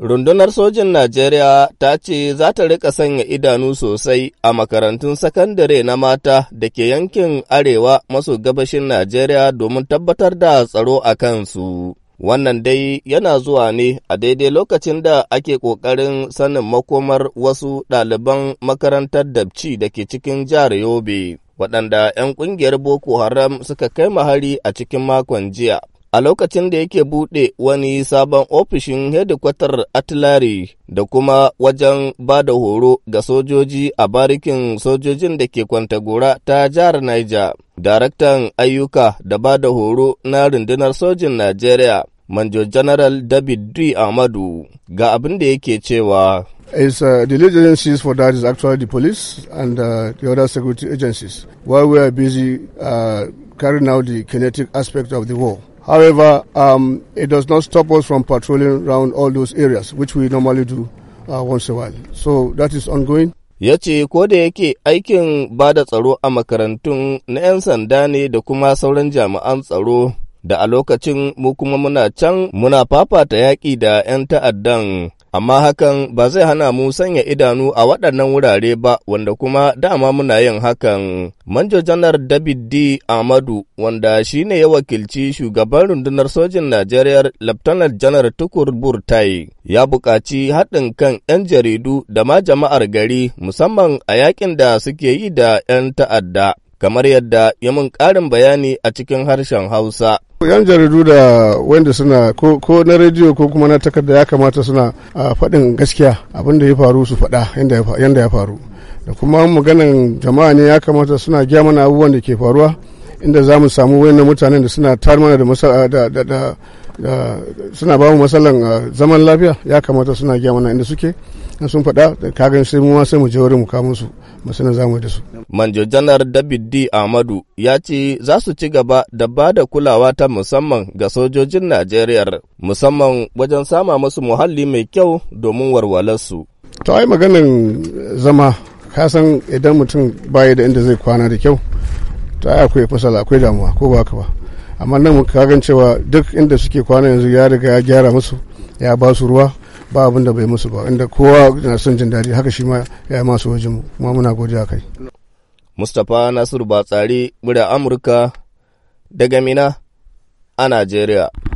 Rundunar sojin Najeriya ta ce za ta rika sanya idanu sosai a makarantun sakandare na mata da ke yankin arewa maso gabashin Najeriya domin tabbatar da tsaro a kansu. Wannan dai yana zuwa ne a daidai lokacin da ake ƙoƙarin sanin makomar wasu ɗaliban makarantar dabci da ke cikin jihar Yobe, waɗanda ‘yan ƙungiyar Boko Haram suka kai mahari a cikin makon jiya. a lokacin da yake buɗe wani sabon ofishin hedikwatar atilari da kuma wajen ba da horo ga sojoji a barikin sojojin da ke kwantagora ta jihar Niger. Daraktan ayyuka da ba da horo na rundunar sojin Najeriya, Manjo General David D. Amadu, ga abin da yake cewa. It's, uh, the lead agencies for that is actually the police and uh, the other security agencies. While we are busy uh, carrying out the kinetic aspect of the war, However, um, it does not stop us from patrolling around all those areas, which we normally do uh, once a while. So that is ongoing. Ya ce ko da yake aikin ba da tsaro a makarantun na 'yan sanda ne da kuma sauran jami'an tsaro da a lokacin mu kuma muna can muna fafata yaƙi da 'yan ta'addan amma hakan ba zai hana mu sanya idanu a waɗannan wurare ba wanda kuma dama muna yin hakan. Manjo janar David D. Amadu wanda shi ne ya wakilci shugaban rundunar sojin Najeriya Laftanar janar Tukur Burtai ya buƙaci haɗin kan 'yan jaridu da ma jama'ar gari musamman a yakin da suke yi da 'yan ta'adda. kamar yadda ya mun ƙarin bayani a cikin harshen Hausa. yan jaridu da wanda suna ko na rediyo ko kuma na takarda ya kamata suna faɗin gaskiya abin da ya faru su faɗa yadda ya faru da kuma maganan jama'a ne ya kamata suna gya mana abubuwan da ke faruwa inda za mu samu wayannan mutanen da suna tar mana da suna ba mu matsalan zaman lafiya ya kamata suna gya mana inda suke in sun faɗa kagan sai mu sai mu je wurin mu kawo musu mu zamu da su manjo janar david d ahmadu ya ce za su ci gaba da ba da kulawa ta musamman ga sojojin najeriya musamman wajen sama musu muhalli mai kyau domin warwalarsu to ai maganin zama ka san idan mutum bai da inda zai kwana da kyau ta akwai fasala akwai damuwa ko ba ka ba amma nan ka gan cewa duk inda suke kwana yanzu ya riga ya gyara musu ya ba su ruwa ba abin da bai musu ba inda kowa na son jin daɗi haka shi ma ya yi masu wajen kuma muna godiya kai. Mustapha Nasiru Batsari, murya Amurka daga Mina a Najeriya.